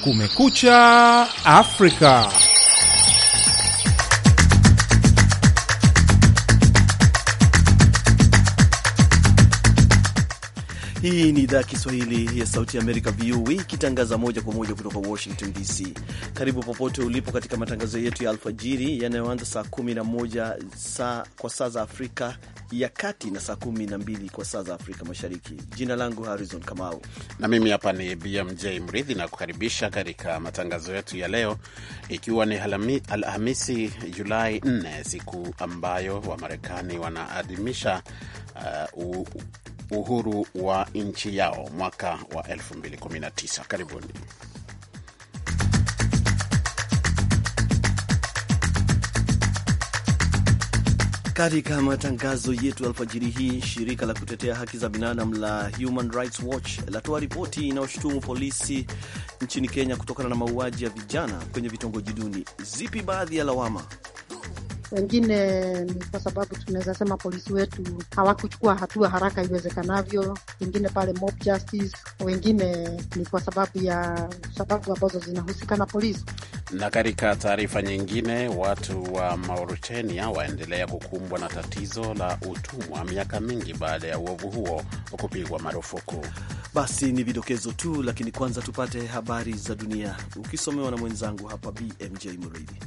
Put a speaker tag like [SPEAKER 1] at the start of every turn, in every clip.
[SPEAKER 1] Kumekucha Afrika.
[SPEAKER 2] Hii ni idhaa ya Kiswahili ya Sauti ya Amerika, VOA, ikitangaza moja kwa moja kutoka Washington DC. Karibu popote ulipo katika matangazo yetu ya alfajiri yanayoanza saa 11 saa kwa saa za Afrika ya kati na saa 12 kwa saa za Afrika Mashariki. Jina langu Harrison Kamau na mimi hapa ni
[SPEAKER 3] BMJ Mridhi na kukaribisha katika matangazo yetu ya leo, ikiwa ni Alhamisi Julai 4, siku ambayo Wamarekani wanaadhimisha uh, uhuru wa nchi yao mwaka wa 2019.
[SPEAKER 2] Karibuni. Katika matangazo yetu alfajiri hii, shirika la kutetea haki za binadamu la Human Rights Watch latoa ripoti inayoshutumu polisi nchini Kenya kutokana na mauaji ya vijana kwenye vitongoji duni. Zipi baadhi ya lawama?
[SPEAKER 4] wengine ni kwa sababu tunaweza sema polisi wetu hawakuchukua hatua haraka iwezekanavyo, wengine pale mob justice, wengine ni kwa sababu ya sababu ambazo zinahusika na polisi.
[SPEAKER 3] Na katika taarifa nyingine, watu wa Mauritania waendelea kukumbwa na tatizo la utumwa miaka mingi
[SPEAKER 2] baada ya uovu huo kupigwa marufuku. Basi ni vidokezo tu, lakini kwanza tupate habari za dunia ukisomewa na mwenzangu hapa BMJ Muridi.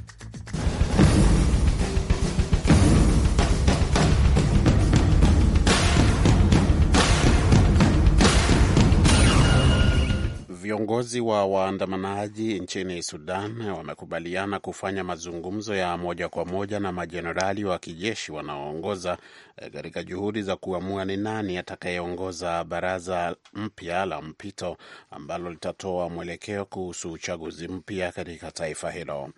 [SPEAKER 3] Viongozi wa waandamanaji nchini Sudan wamekubaliana kufanya mazungumzo ya moja kwa moja na majenerali wa kijeshi wanaoongoza eh, katika juhudi za kuamua ni nani atakayeongoza baraza mpya la mpito ambalo litatoa mwelekeo kuhusu uchaguzi mpya katika taifa hilo.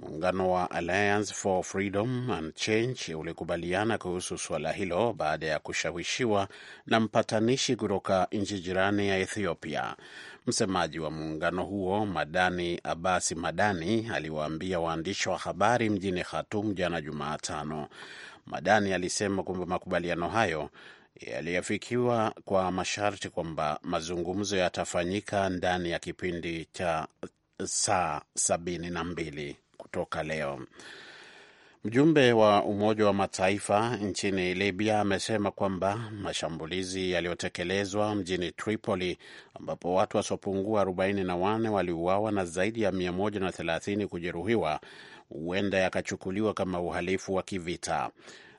[SPEAKER 3] Muungano wa Alliance for Freedom and Change ulikubaliana kuhusu suala hilo baada ya kushawishiwa na mpatanishi kutoka nchi jirani ya Ethiopia. Msemaji wa muungano huo Madani Abasi Madani aliwaambia waandishi wa habari mjini Khartoum jana Jumatano. Madani alisema kwamba makubaliano hayo yaliyofikiwa kwa masharti kwamba mazungumzo yatafanyika ndani ya kipindi cha saa sabini na mbili kutoka leo. Mjumbe wa Umoja wa Mataifa nchini Libya amesema kwamba mashambulizi yaliyotekelezwa mjini Tripoli, ambapo watu wasiopungua 44 waliuawa na zaidi ya 130 kujeruhiwa, huenda yakachukuliwa kama uhalifu wa kivita.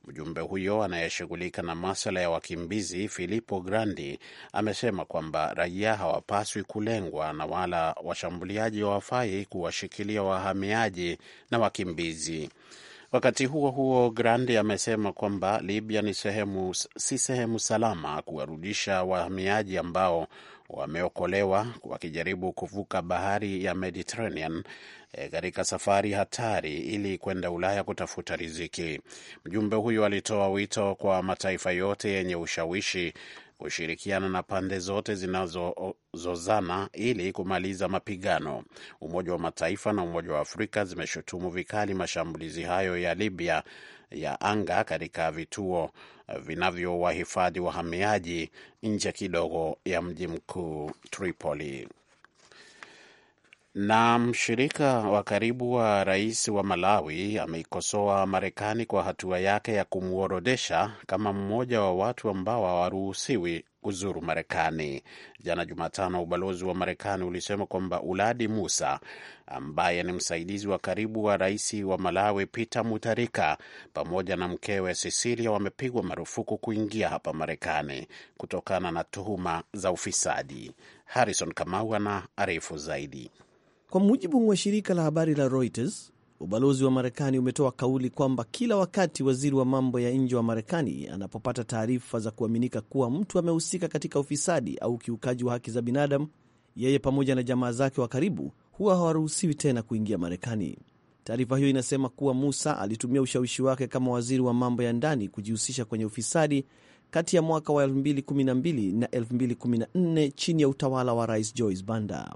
[SPEAKER 3] Mjumbe huyo anayeshughulika na maswala ya wakimbizi Filippo Grandi amesema kwamba raia hawapaswi kulengwa na wala washambuliaji hawafai kuwashikilia wahamiaji na wakimbizi. Wakati huo huo, Grandi amesema kwamba Libya ni sehemu, si sehemu salama kuwarudisha wahamiaji ambao wameokolewa wakijaribu kuvuka bahari ya Mediterranean eh, katika e, safari hatari ili kwenda Ulaya kutafuta riziki. Mjumbe huyu alitoa wito kwa mataifa yote yenye ushawishi kushirikiana na pande zote zinazozozana ili kumaliza mapigano. Umoja wa Mataifa na Umoja wa Afrika zimeshutumu vikali mashambulizi hayo ya Libya ya anga katika vituo vinavyowahifadhi wahamiaji nje kidogo ya mji mkuu Tripoli. Na mshirika wa karibu wa rais wa Malawi ameikosoa Marekani kwa hatua yake ya kumworodesha kama mmoja wa watu ambao hawaruhusiwi kuzuru Marekani. Jana Jumatano, ubalozi wa Marekani ulisema kwamba Uladi Musa ambaye ni msaidizi wa karibu wa rais wa Malawi Peter Mutharika pamoja na mkewe Cecilia wamepigwa marufuku kuingia hapa Marekani kutokana na tuhuma za ufisadi. Harrison Kamau ana zaidi.
[SPEAKER 2] Kwa mujibu wa shirika la habari la Reuters, ubalozi wa Marekani umetoa kauli kwamba kila wakati waziri wa mambo ya nje wa Marekani anapopata taarifa za kuaminika kuwa mtu amehusika katika ufisadi au ukiukaji wa haki za binadamu, yeye pamoja na jamaa zake wa karibu huwa hawaruhusiwi tena kuingia Marekani. Taarifa hiyo inasema kuwa Musa alitumia ushawishi wake kama waziri wa mambo ya ndani kujihusisha kwenye ufisadi kati ya mwaka wa 2012 na 2014 chini ya utawala wa Rais Joyce Banda.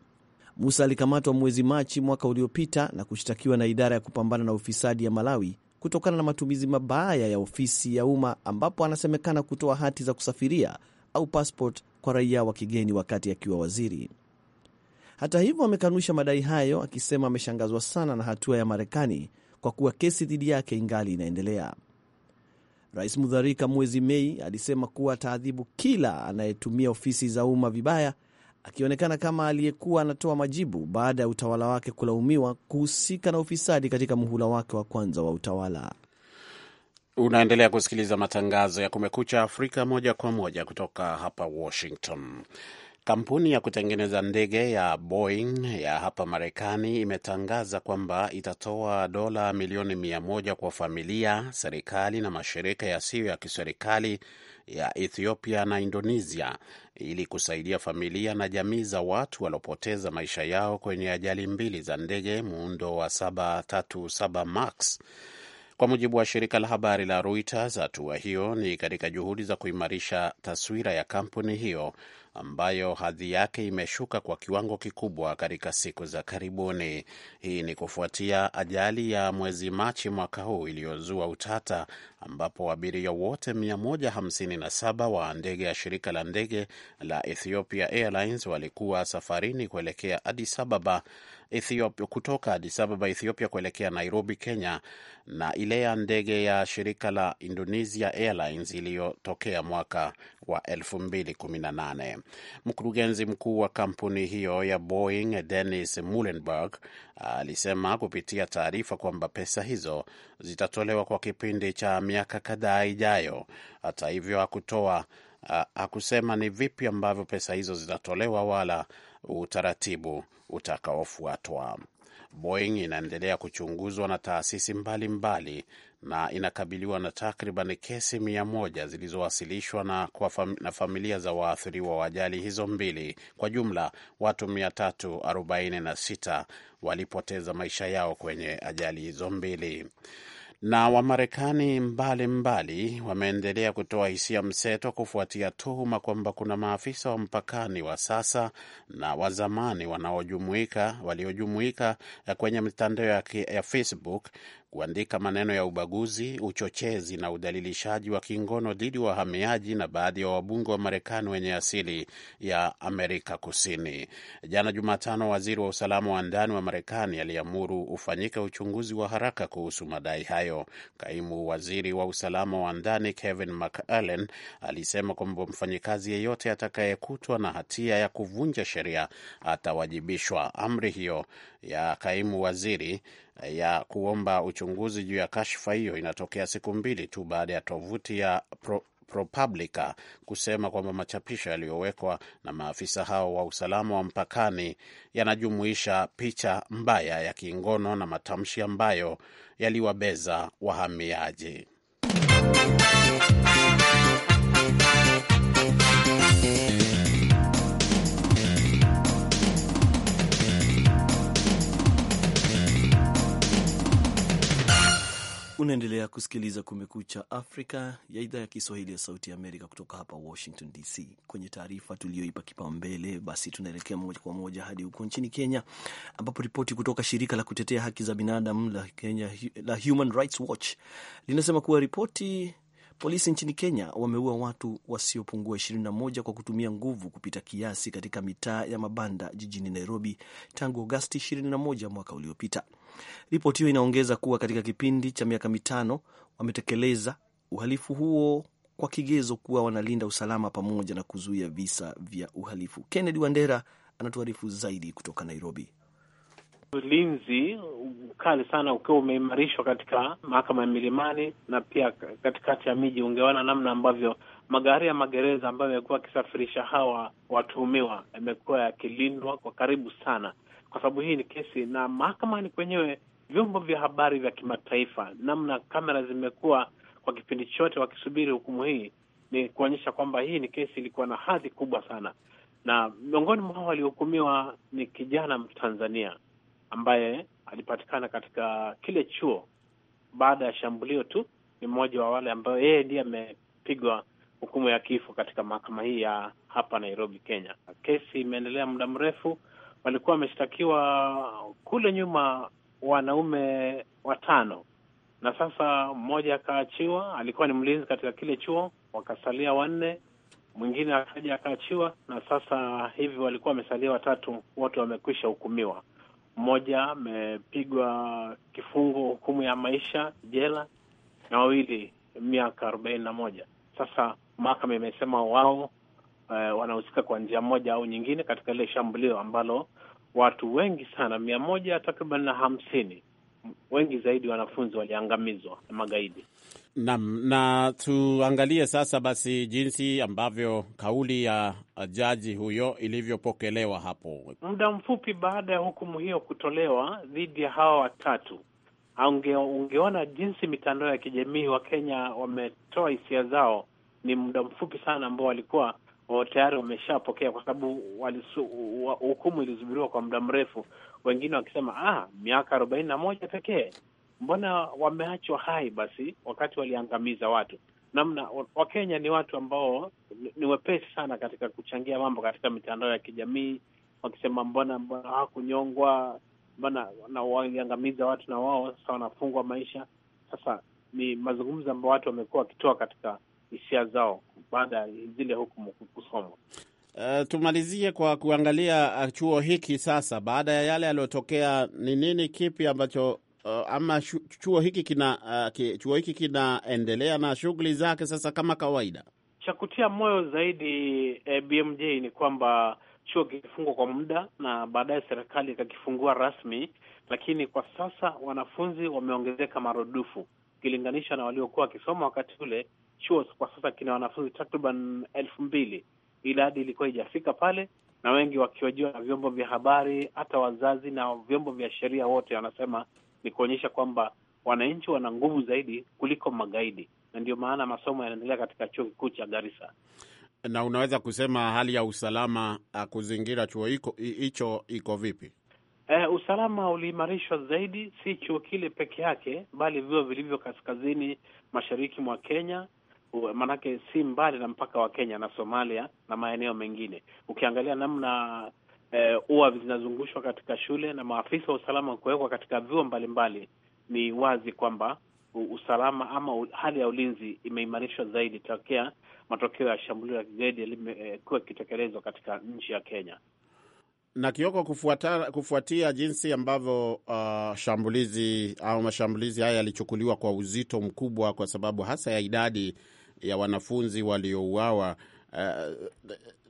[SPEAKER 2] Musa alikamatwa mwezi Machi mwaka uliopita na kushtakiwa na idara ya kupambana na ufisadi ya Malawi kutokana na matumizi mabaya ya ofisi ya umma ambapo anasemekana kutoa hati za kusafiria au passport kwa raia wa kigeni wakati akiwa waziri. Hata hivyo, amekanusha madai hayo akisema ameshangazwa sana na hatua ya Marekani kwa kuwa kesi dhidi yake ingali inaendelea. Rais Mudharika mwezi Mei alisema kuwa ataadhibu kila anayetumia ofisi za umma vibaya akionekana kama aliyekuwa anatoa majibu baada ya utawala wake kulaumiwa kuhusika na ufisadi katika muhula wake wa kwanza wa utawala.
[SPEAKER 3] Unaendelea kusikiliza matangazo ya Kumekucha Afrika moja kwa moja kutoka hapa Washington. Kampuni ya kutengeneza ndege ya Boeing ya hapa Marekani imetangaza kwamba itatoa dola milioni mia moja kwa familia, serikali na mashirika yasiyo ya kiserikali ya Ethiopia na Indonesia ili kusaidia familia na jamii za watu waliopoteza maisha yao kwenye ajali mbili za ndege muundo wa 737 Max kwa mujibu wa shirika la habari la Reuters, hatua hiyo ni katika juhudi za kuimarisha taswira ya kampuni hiyo ambayo hadhi yake imeshuka kwa kiwango kikubwa katika siku za karibuni. Hii ni kufuatia ajali ya mwezi Machi mwaka huu iliyozua utata, ambapo abiria wote 157 wa ndege ya shirika la ndege la Ethiopia Airlines walikuwa safarini kuelekea Addis Ababa Ethiopia, kutoka Addis Ababa Ethiopia kuelekea Nairobi Kenya, na ile ya ndege ya shirika la Indonesia Airlines iliyotokea mwaka wa 2018. Mkurugenzi mkuu wa kampuni hiyo ya Boeing Dennis Muhlenberg alisema kupitia taarifa kwamba pesa hizo zitatolewa kwa kipindi cha miaka kadhaa ijayo. Hata hivyo hakutoa hakusema ni vipi ambavyo pesa hizo zitatolewa wala utaratibu utakaofuatwa. Boeing inaendelea kuchunguzwa na taasisi mbalimbali mbali, na inakabiliwa na takriban kesi mia moja zilizowasilishwa na, fam na familia za waathiriwa wa ajali hizo mbili. Kwa jumla watu 346 walipoteza maisha yao kwenye ajali hizo mbili na Wamarekani mbalimbali wameendelea kutoa hisia mseto kufuatia tuhuma kwamba kuna maafisa wa mpakani wa sasa na wa zamani wanaojumuika waliojumuika kwenye mitandao ya Facebook kuandika maneno ya ubaguzi, uchochezi na udhalilishaji wa kingono dhidi ya wahamiaji na baadhi ya wabunge wa Marekani wenye asili ya Amerika Kusini. Jana Jumatano, waziri wa usalama wa ndani wa Marekani aliamuru ufanyike uchunguzi wa haraka kuhusu madai hayo. Kaimu waziri wa usalama wa ndani Kevin McAllen alisema kwamba mfanyikazi yeyote atakayekutwa na hatia ya kuvunja sheria atawajibishwa. Amri hiyo ya kaimu waziri ya kuomba uchunguzi juu ya kashfa hiyo inatokea siku mbili tu baada ya tovuti ya pro ProPublica kusema kwamba machapisho yaliyowekwa na maafisa hao wa usalama wa mpakani yanajumuisha picha mbaya ya kingono na matamshi ambayo yaliwabeza wahamiaji.
[SPEAKER 2] Unaendelea kusikiliza Kumekucha Afrika ya idhaa ya Kiswahili ya Sauti ya Amerika kutoka hapa Washington DC. Kwenye taarifa tuliyoipa kipaumbele, basi tunaelekea moja kwa moja hadi huko nchini Kenya, ambapo ripoti kutoka shirika la kutetea haki za binadamu la Kenya la Human Rights Watch linasema kuwa ripoti polisi nchini Kenya wameua watu wasiopungua 21 kwa kutumia nguvu kupita kiasi katika mitaa ya mabanda jijini Nairobi tangu Agosti 21 mwaka uliopita. Ripoti hiyo inaongeza kuwa katika kipindi cha miaka mitano wametekeleza uhalifu huo kwa kigezo kuwa wanalinda usalama pamoja na kuzuia visa vya uhalifu. Kennedy Wandera anatuarifu zaidi kutoka Nairobi.
[SPEAKER 1] Ulinzi mkali sana ukiwa umeimarishwa katika mahakama ya Milimani na pia katikati ya miji, ungeona namna ambavyo magari ya magereza ambayo yamekuwa yakisafirisha hawa watuhumiwa yamekuwa yakilindwa kwa karibu sana kwa sababu hii ni kesi na mahakama ni kwenyewe vyombo vya habari vya kimataifa, namna kamera zimekuwa kwa kipindi chote wakisubiri hukumu hii ni kuonyesha kwamba hii ni kesi ilikuwa na hadhi kubwa sana, na miongoni mwa hao waliohukumiwa ni kijana Mtanzania ambaye alipatikana katika kile chuo baada ya shambulio tu. Ni mmoja wa wale ambao yeye ndiye amepigwa hukumu ya kifo katika mahakama hii ya hapa Nairobi, Kenya. Kesi imeendelea muda mrefu walikuwa wameshtakiwa kule nyuma wanaume watano, na sasa mmoja akaachiwa, alikuwa ni mlinzi katika kile chuo, wakasalia wanne, mwingine akaja akaachiwa, na sasa hivi walikuwa wamesalia watatu, wote wamekwisha hukumiwa. Mmoja amepigwa kifungo, hukumu ya maisha jela, na wawili miaka arobaini na moja. Sasa mahakama imesema wao eh, wanahusika kwa njia moja au nyingine katika ile shambulio ambalo watu wengi sana mia moja takriban na hamsini wengi zaidi wanafunzi waliangamizwa na magaidi.
[SPEAKER 3] Naam, na tuangalie sasa basi jinsi ambavyo kauli ya jaji huyo ilivyopokelewa hapo.
[SPEAKER 1] Muda mfupi baada ya hukumu hiyo kutolewa dhidi ya hawa watatu, unge, ungeona jinsi mitandao ya kijamii wa Kenya wametoa hisia zao. Ni muda mfupi sana ambao walikuwa tayari wameshapokea, kwa sababu hukumu ilizubiriwa kwa muda mrefu, wengine wakisema ah, miaka arobaini na moja pekee, mbona wameachwa hai basi wakati waliangamiza watu namna Wakenya ni watu ambao ni, wepesi sana katika kuchangia mambo katika mitandao ya kijamii, wakisema mbona mbona hawakunyongwa, mbona na waliangamiza watu na wao sasa wanafungwa maisha. Sasa ni mazungumzo ambao watu wamekuwa wakitoa katika hisia zao baada ya zile hukumu kusomwa.
[SPEAKER 3] Uh, tumalizie kwa kuangalia eh, chuo hiki sasa, baada ya yale yaliyotokea, ni nini kipi ambacho uh, ama shu, chuo hiki kina uh, ki, chuo hiki kinaendelea na shughuli zake sasa kama kawaida.
[SPEAKER 1] Cha kutia moyo zaidi eh, BMJ ni kwamba chuo kilifungwa kwa muda na baadaye serikali ikakifungua rasmi, lakini kwa sasa wanafunzi wameongezeka marudufu ukilinganisha na waliokuwa wakisoma wakati ule chuo kwa sasa kina wanafunzi takriban elfu mbili. Idadi ilikuwa ijafika pale, na wengi wakiwajiwa na vyombo vya habari, hata wazazi na vyombo vya sheria, wote wanasema ni kuonyesha kwamba wananchi wana nguvu zaidi kuliko magaidi, na ndio maana masomo yanaendelea katika chuo kikuu cha Garissa.
[SPEAKER 3] Na unaweza kusema hali ya usalama ah, kuzingira chuo hicho iko vipi?
[SPEAKER 1] Eh, usalama uliimarishwa zaidi, si chuo kile peke yake, bali vyuo vilivyo kaskazini mashariki mwa Kenya maanake si mbali na mpaka wa Kenya na Somalia na maeneo mengine. Ukiangalia namna eh, ua zinazungushwa katika shule na maafisa wa usalama kuwekwa katika vyuo mbalimbali, ni wazi kwamba usalama ama hali ya ulinzi imeimarishwa zaidi tokea matokeo ya shambulio la kigaidi yalikuwa eh, ikitekelezwa katika nchi ya Kenya
[SPEAKER 3] na Kioko, kufuata, kufuatia jinsi ambavyo uh, shambulizi au mashambulizi haya yalichukuliwa kwa uzito mkubwa, kwa sababu hasa ya idadi ya wanafunzi waliouawa. Uh,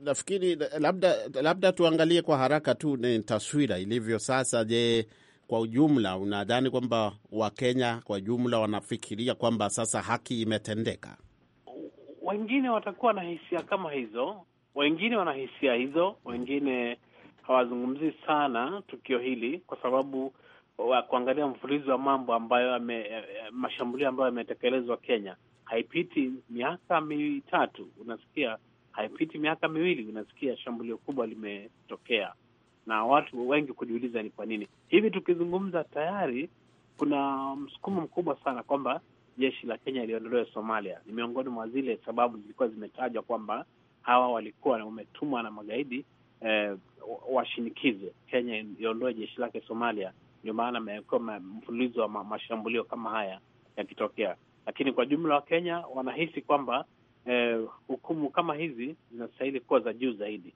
[SPEAKER 3] nafikiri labda, labda tuangalie kwa haraka tu ni taswira ilivyo sasa. Je, kwa ujumla unadhani kwamba Wakenya kwa jumla wanafikiria kwamba sasa haki imetendeka?
[SPEAKER 1] Wengine watakuwa na hisia kama hizo, wengine wana hisia hizo, wengine hawazungumzi sana tukio hili kwa sababu wa kuangalia mfululizo wa mambo ambayo eh, mashambulio ambayo yametekelezwa Kenya haipiti miaka mitatu, unasikia haipiti miaka miwili, unasikia shambulio kubwa limetokea, na watu wengi kujiuliza ni kwa nini. Hivi tukizungumza tayari kuna msukumo mkubwa sana kwamba jeshi la Kenya liondolewe Somalia. Ni miongoni mwa zile sababu zilikuwa zimetajwa kwamba hawa walikuwa wametumwa na magaidi eh, washinikize Kenya iondoe jeshi lake Somalia. Ndio maana amekuwa mfululizo wa ma mashambulio kama haya yakitokea. Lakini kwa jumla wa Kenya wanahisi kwamba eh, hukumu kama hizi zinastahili kuwa za juu zaidi.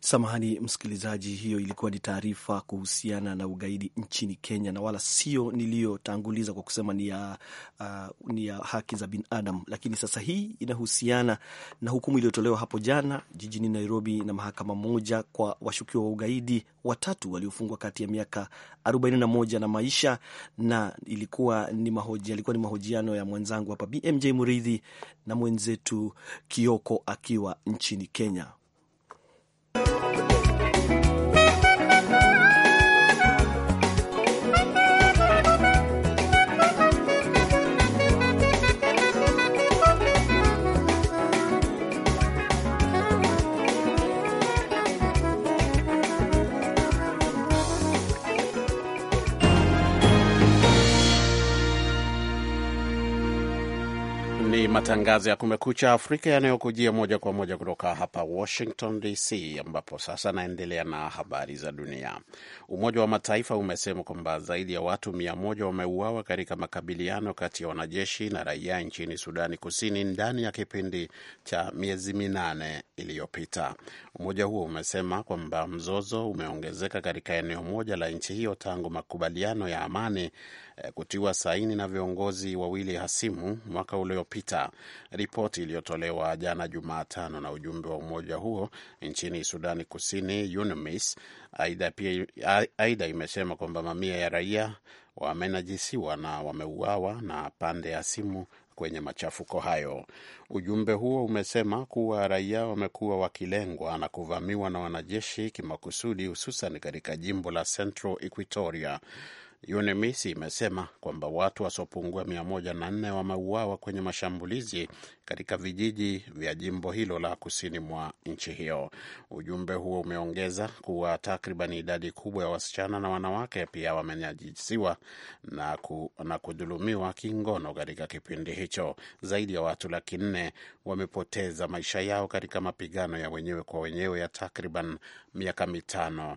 [SPEAKER 2] Samahani msikilizaji, hiyo ilikuwa ni taarifa kuhusiana na ugaidi nchini Kenya, na wala sio niliyotanguliza kwa kusema ni ya, uh, ni ya haki za binadamu. Lakini sasa hii inahusiana na hukumu iliyotolewa hapo jana jijini Nairobi na mahakama moja kwa washukiwa wa ugaidi watatu waliofungwa kati ya miaka 41 na maisha, na ilikuwa ni mahoji, alikuwa ni mahojiano ya mwenzangu hapa BMJ Muridhi na mwenzetu Kioko akiwa nchini Kenya.
[SPEAKER 3] matangazo ya Kumekucha Afrika yanayokujia moja kwa moja kutoka hapa Washington DC, ambapo sasa naendelea na habari za dunia. Umoja wa Mataifa umesema kwamba zaidi ya watu mia moja wameuawa katika makabiliano kati ya wanajeshi na raia nchini Sudani Kusini ndani ya kipindi cha miezi minane iliyopita. Umoja huo umesema kwamba mzozo umeongezeka katika eneo moja la nchi hiyo tangu makubaliano ya amani eh, kutiwa saini na viongozi wawili hasimu mwaka uliopita Ripoti iliyotolewa jana Jumatano na ujumbe wa umoja huo nchini Sudani Kusini, UNMISS, aidha pia aidha imesema kwamba mamia ya raia wamenajisiwa na wameuawa na pande ya simu kwenye machafuko hayo. Ujumbe huo umesema kuwa raia wamekuwa wakilengwa na kuvamiwa na wanajeshi kimakusudi, hususan katika jimbo la Central Equatoria UNMISS imesema kwamba watu wasiopungua 104 wameuawa kwenye mashambulizi katika vijiji vya jimbo hilo la kusini mwa nchi hiyo. Ujumbe huo umeongeza kuwa takriban idadi kubwa ya wasichana na wanawake pia wamenyajisiwa na, ku, na kudhulumiwa kingono katika kipindi hicho. Zaidi ya watu laki nne wamepoteza maisha yao katika mapigano ya wenyewe kwa wenyewe ya takriban miaka mitano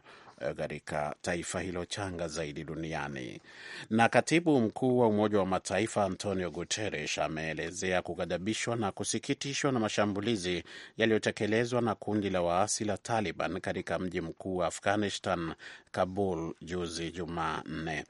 [SPEAKER 3] katika taifa hilo changa zaidi duniani. Na katibu mkuu wa Umoja wa Mataifa Antonio Guterres ameelezea kughadhabishwa na kusikitishwa na mashambulizi yaliyotekelezwa na kundi la waasi la Taliban katika mji mkuu wa Afghanistan, Kabul, juzi Jumanne.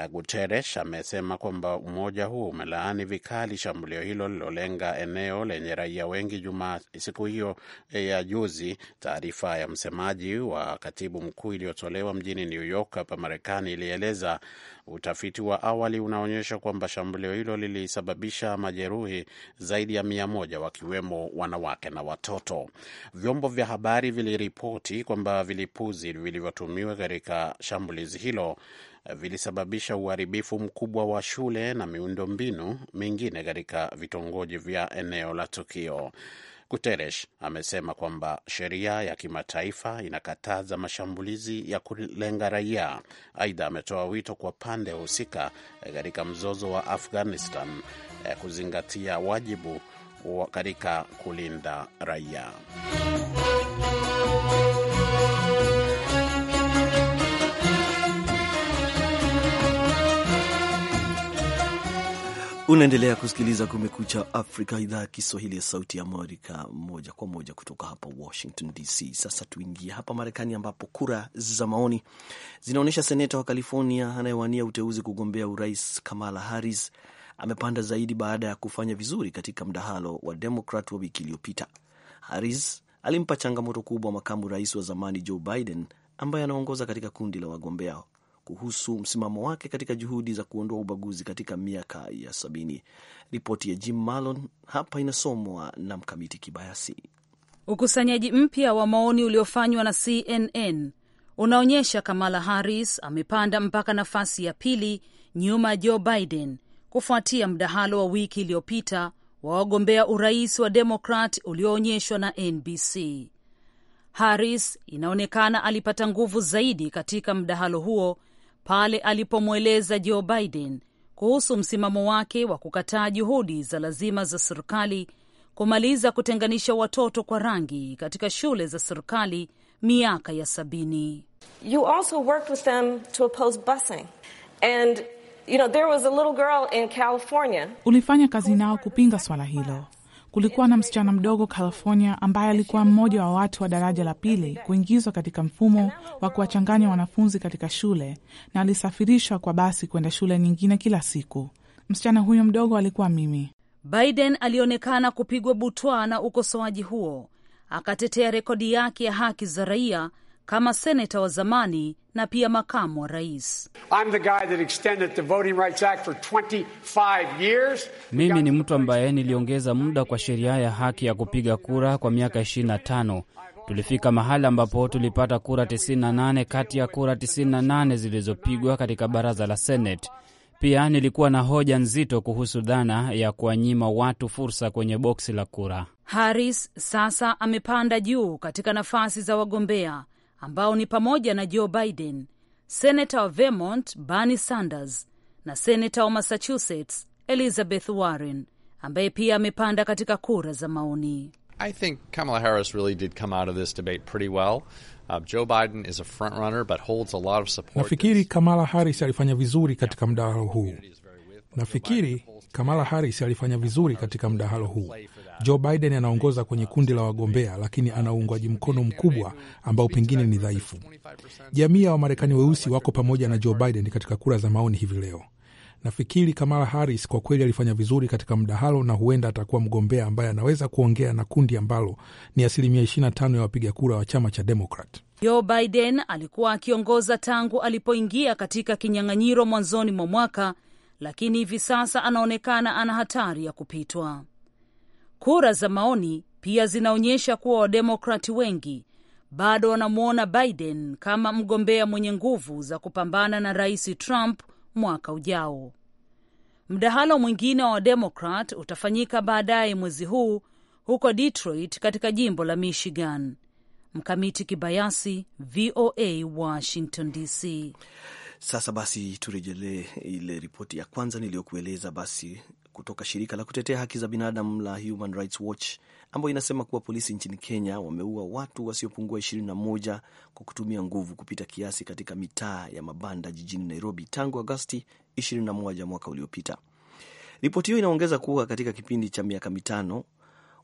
[SPEAKER 3] Eh, Guterres amesema kwamba umoja huo umelaani vikali shambulio hilo lilolenga eneo lenye raia wengi juma siku hiyo eh, ya juzi. Taarifa ya msemaji wa katibu mkuu iliyotolewa mjini New York hapa Marekani ilieleza utafiti wa awali unaonyesha kwamba shambulio hilo lilisababisha majeruhi zaidi ya mia moja wakiwemo wanawake na watoto. Vyombo vya habari viliripoti kwamba vilipuzi vilivyotumiwa katika shambulizi hilo vilisababisha uharibifu mkubwa wa shule na miundombinu mingine katika vitongoji vya eneo la tukio. Guterres amesema kwamba sheria ya kimataifa inakataza mashambulizi ya kulenga raia. Aidha, ametoa wito kwa pande husika eh, katika mzozo wa Afghanistan eh, kuzingatia wajibu katika kulinda raia.
[SPEAKER 2] Unaendelea kusikiliza Kumekucha Afrika, idhaa ya Kiswahili ya Sauti ya Amerika, moja kwa moja kutoka hapa Washington DC. Sasa tuingie hapa Marekani, ambapo kura za maoni zinaonyesha seneta wa California anayewania uteuzi kugombea urais Kamala Harris amepanda zaidi baada ya kufanya vizuri katika mdahalo wa Demokrat wa wiki iliyopita. Harris alimpa changamoto kubwa makamu rais wa zamani Joe Biden ambaye anaongoza katika kundi la wagombea kuhusu msimamo wake katika juhudi za kuondoa ubaguzi katika miaka ya sabini. Ripoti ya Jim Malon hapa inasomwa na Mkamiti Kibayasi.
[SPEAKER 4] Ukusanyaji mpya wa maoni uliofanywa na CNN unaonyesha Kamala Harris amepanda mpaka nafasi ya pili nyuma ya Joe Biden kufuatia mdahalo wa wiki iliyopita wa wagombea urais wa Demokrat ulioonyeshwa na NBC. Harris inaonekana alipata nguvu zaidi katika mdahalo huo pale alipomweleza Joe Biden kuhusu msimamo wake wa kukataa juhudi za lazima za serikali kumaliza kutenganisha watoto kwa rangi katika shule za serikali miaka ya sabini. You also worked with them to oppose busing. And, you know, there was a little girl in
[SPEAKER 5] California. Ulifanya kazi nao kupinga swala hilo. Kulikuwa na msichana mdogo California ambaye alikuwa mmoja wa watu wa daraja la pili kuingizwa katika mfumo wa kuwachanganya wanafunzi katika shule na alisafirishwa kwa basi kwenda shule nyingine kila siku. Msichana huyo mdogo alikuwa mimi.
[SPEAKER 4] Biden alionekana kupigwa butwaa na ukosoaji huo, akatetea rekodi yake ya haki za raia kama seneta wa zamani na pia makamu wa rais.
[SPEAKER 1] Mimi ni mtu ambaye niliongeza muda kwa sheria ya haki ya kupiga kura kwa miaka 25. Tulifika mahali ambapo tulipata kura 98 kati ya kura 98 zilizopigwa katika baraza la Senate. Pia nilikuwa na hoja nzito kuhusu dhana ya kuwanyima watu fursa kwenye boksi la kura.
[SPEAKER 4] Harris sasa amepanda juu katika nafasi za wagombea ambao ni pamoja na Joe Biden, senata wa Vermont Bernie Sanders na senata wa Massachusetts Elizabeth Warren, ambaye pia amepanda katika kura za maoni. I think
[SPEAKER 5] Kamala Harris really did come out of this debate pretty well. Uh, Joe Biden is a front runner but holds
[SPEAKER 3] a lot of support.
[SPEAKER 1] Nafikiri Kamala Harris alifanya vizuri katika mdahalo huu. Nafikiri Kamala Harris alifanya vizuri katika mdahalo huu. Joe Biden anaongoza kwenye kundi la wagombea, lakini ana uungwaji mkono mkubwa ambao pengine ni dhaifu. Jamii ya Wamarekani weusi wako pamoja na Joe Biden katika kura za maoni hivi leo. Nafikiri Kamala Harris kwa kweli alifanya vizuri katika mdahalo na huenda atakuwa mgombea ambaye anaweza kuongea na kundi ambalo ni asilimia 25 ya wapiga kura wa chama cha Demokrat.
[SPEAKER 4] Joe Biden alikuwa akiongoza tangu alipoingia katika kinyang'anyiro mwanzoni mwa mwaka lakini hivi sasa anaonekana ana hatari ya kupitwa. Kura za maoni pia zinaonyesha kuwa wademokrati wengi bado wanamwona Biden kama mgombea mwenye nguvu za kupambana na rais Trump mwaka ujao. Mdahalo mwingine wa Wademokrat utafanyika baadaye mwezi huu huko Detroit katika jimbo la Michigan. Mkamiti Kibayasi, VOA, Washington
[SPEAKER 2] DC. Sasa basi turejelee ile ripoti ya kwanza niliyokueleza basi kutoka shirika la kutetea haki za binadamu la Human Rights Watch ambayo inasema kuwa polisi nchini Kenya wameua watu wasiopungua 21 kwa kutumia nguvu kupita kiasi katika mitaa ya mabanda jijini Nairobi tangu Agosti 21 mwaka uliopita. Ripoti hiyo inaongeza kuwa katika kipindi cha miaka mitano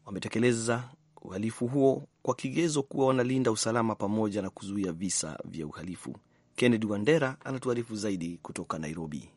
[SPEAKER 2] wametekeleza uhalifu huo kwa kigezo kuwa wanalinda usalama pamoja na kuzuia visa vya uhalifu. Kennedy Wandera anatuarifu zaidi kutoka Nairobi.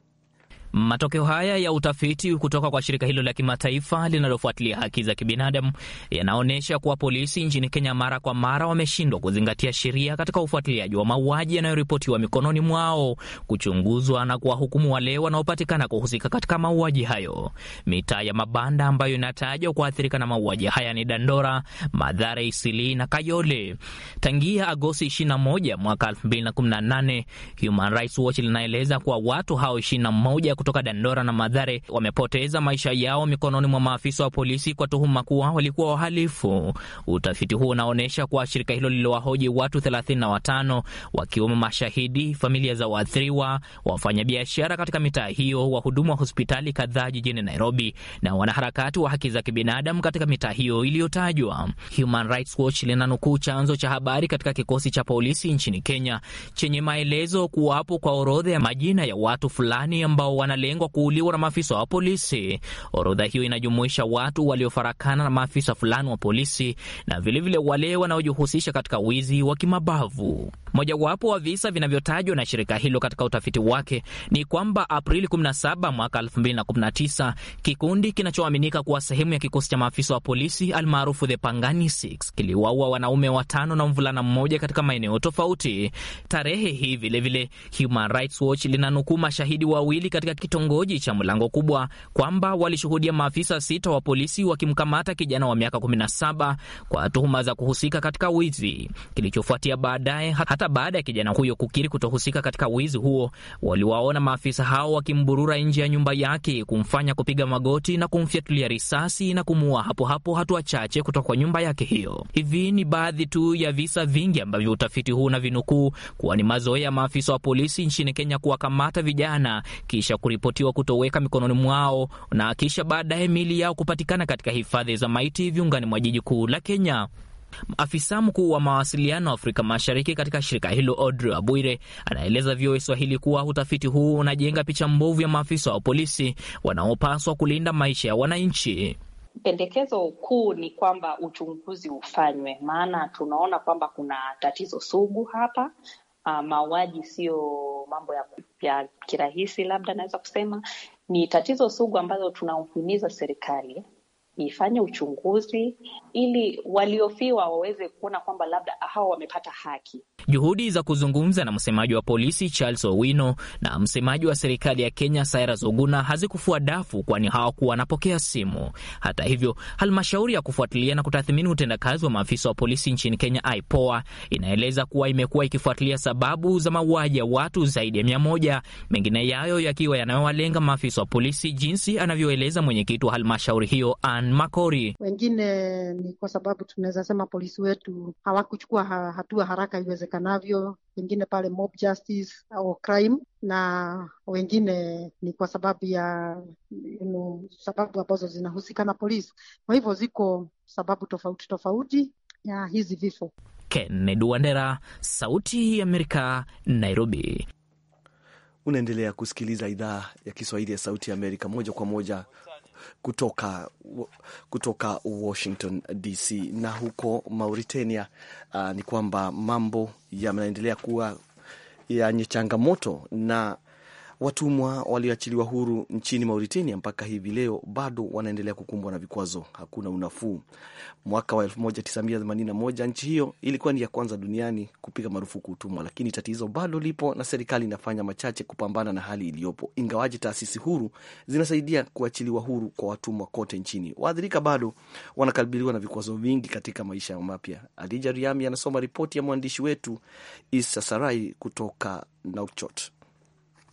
[SPEAKER 6] Matokeo haya ya utafiti kutoka kwa shirika hilo la kimataifa linalofuatilia haki za kibinadamu yanaonyesha kuwa polisi nchini Kenya mara kwa mara wameshindwa kuzingatia sheria katika ufuatiliaji wa mauaji yanayoripotiwa mikononi mwao, kuchunguzwa na kuwahukumu wale wanaopatikana kuhusika katika mauaji hayo. Mitaa ya mabanda ambayo inatajwa kuathirika na mauaji haya ni Dandora, Madhare, Isili na Kayole. Tangia Agosti 21 mwaka 2018, Human Rights Watch linaeleza kuwa watu hao 21 kutoka Dandora na Madhare wamepoteza maisha yao mikononi mwa maafisa wa polisi kwa tuhuma kuwa walikuwa wahalifu. Utafiti huo unaonyesha kuwa shirika hilo liliwahoji watu 35 wakiwemo mashahidi, familia za waathiriwa, wafanyabiashara katika mitaa hiyo, wahudumu wa hospitali kadhaa jijini Nairobi na wanaharakati wa haki za kibinadamu katika mitaa hiyo iliyotajwa. Human Rights Watch linanukuu chanzo cha habari katika kikosi cha polisi nchini Kenya chenye maelezo kuwapo kwa orodha ya majina ya watu fulani ambao wanalengwa kuuliwa na maafisa wa polisi. Orodha hiyo inajumuisha watu waliofarakana na maafisa fulani wa polisi na vilevile wale wanaojihusisha katika wizi wa kimabavu. Mojawapo wa visa vinavyotajwa na shirika hilo katika utafiti wake ni kwamba Aprili 17 mwaka 2019 kikundi kinachoaminika kuwa sehemu ya kikosi cha maafisa wa polisi almaarufu The Pangani 6 kiliwaua wanaume watano na mvulana mmoja katika maeneo tofauti. Tarehe hii vilevile, Human Rights Watch linanukuu mashahidi wawili katika kitongoji cha Mlango Kubwa kwamba walishuhudia maafisa sita wa polisi wakimkamata kijana wa miaka 17 kwa tuhuma za kuhusika katika wizi. Kilichofuatia baadaye, hata baada ya kijana huyo kukiri kutohusika katika wizi huo, waliwaona maafisa hao wakimburura nje ya nyumba yake, kumfanya kupiga magoti na kumfyatulia risasi na kumuua hapo hapo, hatua chache kutoka kwa nyumba yake hiyo. Hivi ni baadhi tu ya visa vingi ambavyo utafiti huu unavinukuu kuwa ni mazoea ya maafisa wa polisi nchini Kenya kuwakamata vijana kisha kuripotiwa kutoweka mikononi mwao na kisha baadaye mili yao kupatikana katika hifadhi za maiti viungani mwa jiji kuu la Kenya. Afisa mkuu wa mawasiliano Afrika Mashariki katika shirika hilo Audrey Abwire anaeleza VOA Swahili kuwa utafiti huu unajenga picha mbovu ya maafisa wa polisi wanaopaswa kulinda maisha ya wananchi.
[SPEAKER 4] Pendekezo kuu ni kwamba uchunguzi ufanywe, maana tunaona kwamba kuna tatizo sugu hapa uh, mauaji sio mambo ya, ya kirahisi, labda naweza kusema ni tatizo sugu ambalo tunahimiza serikali ifanye uchunguzi ili waliofiwa waweze kuona kwamba labda hawa wamepata haki.
[SPEAKER 6] Juhudi za kuzungumza na msemaji wa polisi Charles Owino na msemaji wa serikali ya Kenya Saira Zoguna hazikufua dafu, kwani hawakuwa wanapokea simu. Hata hivyo, halmashauri ya kufuatilia na kutathmini utendakazi wa maafisa wa polisi nchini Kenya IPOA inaeleza kuwa imekuwa ikifuatilia sababu za mauaji ya watu zaidi ya mia moja, mengine yayo yakiwa yanayowalenga maafisa wa polisi, jinsi anavyoeleza mwenyekiti wa halmashauri hiyo Ann Makori.
[SPEAKER 4] Wengine ni kwa sababu tunaweza sema polisi wetu hawakuchukua hatua haraka iwezekanavyo, wengine pale mob justice au crime, na wengine ni kwa sababu ya inu, sababu ambazo zinahusika na polisi. Kwa hivyo ziko sababu tofauti tofauti ya hizi vifo.
[SPEAKER 2] Kennedy Wandera, Sauti ya Amerika, Nairobi. Unaendelea kusikiliza idhaa ya Kiswahili ya Sauti ya Amerika moja kwa moja kutoka, kutoka Washington DC. Na huko Mauritania uh, ni kwamba mambo yanaendelea kuwa yenye changamoto na Watumwa walioachiliwa huru nchini Mauritania mpaka hivi leo bado wanaendelea kukumbwa na vikwazo, hakuna unafuu. Mwaka wa 1981 nchi hiyo ilikuwa ni ya kwanza duniani kupiga marufuku utumwa, lakini tatizo bado lipo na serikali inafanya machache kupambana na hali iliyopo, ingawaje taasisi huru zinasaidia kuachiliwa huru kwa watumwa kote nchini. Waathirika bado wanakabiliwa na vikwazo vingi katika maisha yao mapya. Adija Riami anasoma ripoti ya mwandishi wetu Isa Sarai kutoka Nouakchott.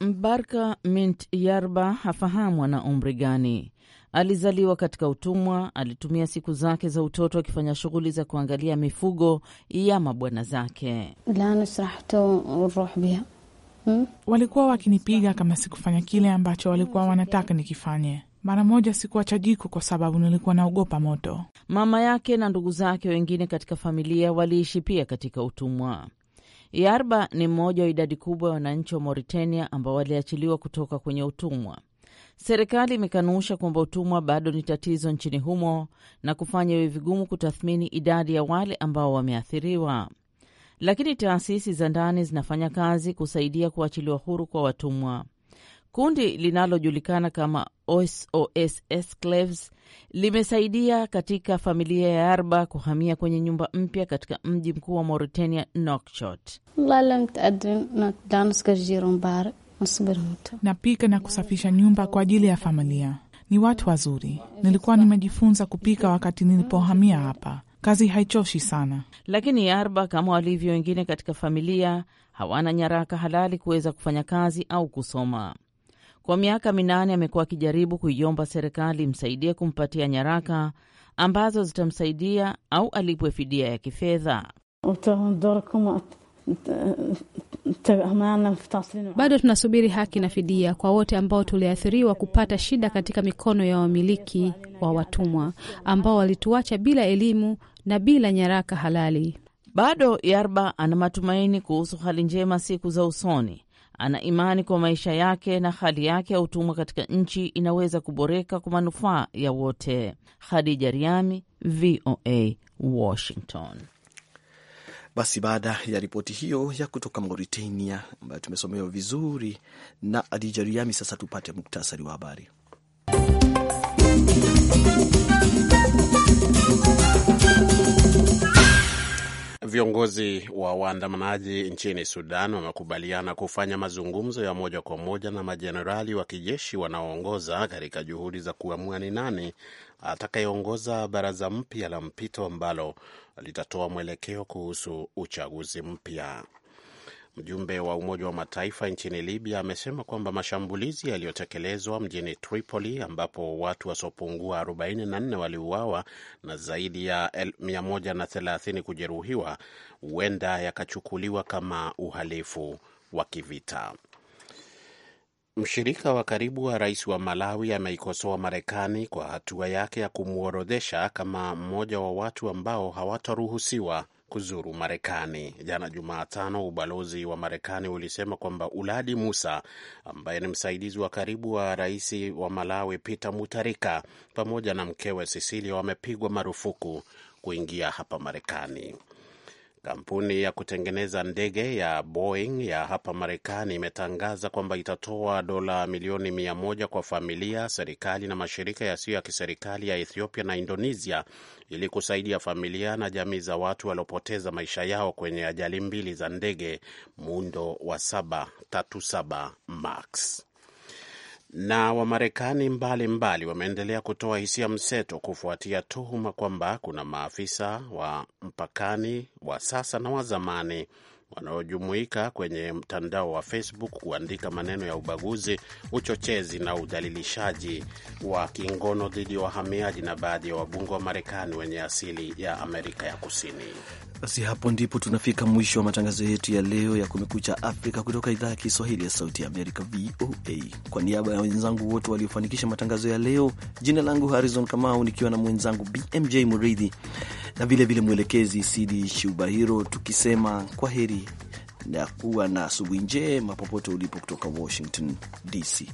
[SPEAKER 5] Mbarka Mint Yarba hafahamu ana umri gani. Alizaliwa katika utumwa. Alitumia siku zake za utoto akifanya shughuli za kuangalia mifugo ya mabwana zake. Hmm? Walikuwa wakinipiga kama sikufanya kile ambacho walikuwa wanataka nikifanye. Mara moja sikuacha jiko kwa sababu nilikuwa naogopa moto. Mama yake na ndugu zake wengine katika familia waliishi pia katika utumwa. Yarba ni mmoja wa idadi kubwa ya wananchi wa Mauritania ambao waliachiliwa kutoka kwenye utumwa. Serikali imekanusha kwamba utumwa bado ni tatizo nchini humo na kufanya iwe vigumu kutathmini idadi ya wale ambao wameathiriwa, lakini taasisi za ndani zinafanya kazi kusaidia kuachiliwa huru kwa watumwa. Kundi linalojulikana kama SOS Esclaves limesaidia katika familia ya Arba kuhamia kwenye nyumba mpya katika mji mkuu wa Mauritania, Nouakchott. Napika na kusafisha nyumba kwa ajili ya familia. Ni watu wazuri. Nilikuwa nimejifunza kupika wakati nilipohamia hapa. Kazi haichoshi sana. Lakini Arba, kama walivyo wengine katika familia, hawana nyaraka halali kuweza kufanya kazi au kusoma. Kwa miaka minane amekuwa akijaribu kuiomba serikali imsaidie kumpatia nyaraka ambazo zitamsaidia au alipwe fidia ya kifedha.
[SPEAKER 4] Bado tunasubiri haki na fidia kwa wote ambao tuliathiriwa kupata shida katika mikono ya wamiliki wa watumwa ambao walituacha bila elimu na bila nyaraka halali.
[SPEAKER 5] Bado Yarba ana matumaini kuhusu hali njema siku za usoni ana imani kuwa maisha yake na hali yake ya utumwa katika nchi inaweza kuboreka kwa manufaa ya wote. Khadija Riami, VOA
[SPEAKER 2] Washington. Basi baada ya ripoti hiyo ya kutoka Mauritania ambayo tumesomewa vizuri na Adija Riami, sasa tupate muktasari wa habari.
[SPEAKER 3] Viongozi wa waandamanaji nchini Sudan wamekubaliana kufanya mazungumzo ya moja kwa moja na majenerali wa kijeshi wanaoongoza katika juhudi za kuamua ni nani atakayeongoza baraza mpya la mpito ambalo litatoa mwelekeo kuhusu uchaguzi mpya. Mjumbe wa Umoja wa Mataifa nchini Libya amesema kwamba mashambulizi yaliyotekelezwa mjini Tripoli, ambapo watu wasiopungua 44 waliuawa na zaidi ya 130 kujeruhiwa, huenda yakachukuliwa kama uhalifu wa kivita. Mshirika wa karibu wa rais wa Malawi ameikosoa Marekani kwa hatua yake ya kumworodhesha kama mmoja wa watu ambao hawataruhusiwa kuzuru Marekani. Jana Jumatano, ubalozi wa Marekani ulisema kwamba Uladi Musa ambaye ni msaidizi wa karibu wa rais wa Malawi Peter Mutharika pamoja na mkewe Cecilia wamepigwa marufuku kuingia hapa Marekani. Kampuni ya kutengeneza ndege ya Boeing ya hapa Marekani imetangaza kwamba itatoa dola milioni mia moja kwa familia, serikali na mashirika yasiyo ya kiserikali ya Ethiopia na Indonesia ili kusaidia familia na jamii za watu waliopoteza maisha yao kwenye ajali mbili za ndege muundo wa 737 Max na Wamarekani mbalimbali wameendelea kutoa hisia mseto kufuatia tuhuma kwamba kuna maafisa wa mpakani wa sasa na wa zamani wanaojumuika kwenye mtandao wa Facebook kuandika maneno ya ubaguzi, uchochezi na udhalilishaji wa kingono dhidi ya wahamiaji na baadhi ya wabunge wa Marekani wenye asili ya Amerika ya
[SPEAKER 2] Kusini. Basi hapo ndipo tunafika mwisho wa matangazo yetu ya leo ya Kumekucha Afrika kutoka idhaa ya Kiswahili ya Sauti ya Amerika, VOA. Kwa niaba ya wenzangu wote waliofanikisha matangazo ya leo, jina langu Harrison Kamau, nikiwa na mwenzangu BMJ Muridhi na vilevile mwelekezi Sidi Shubahiro, tukisema kwa heri na kuwa na asubuhi njema popote ulipo kutoka Washington DC.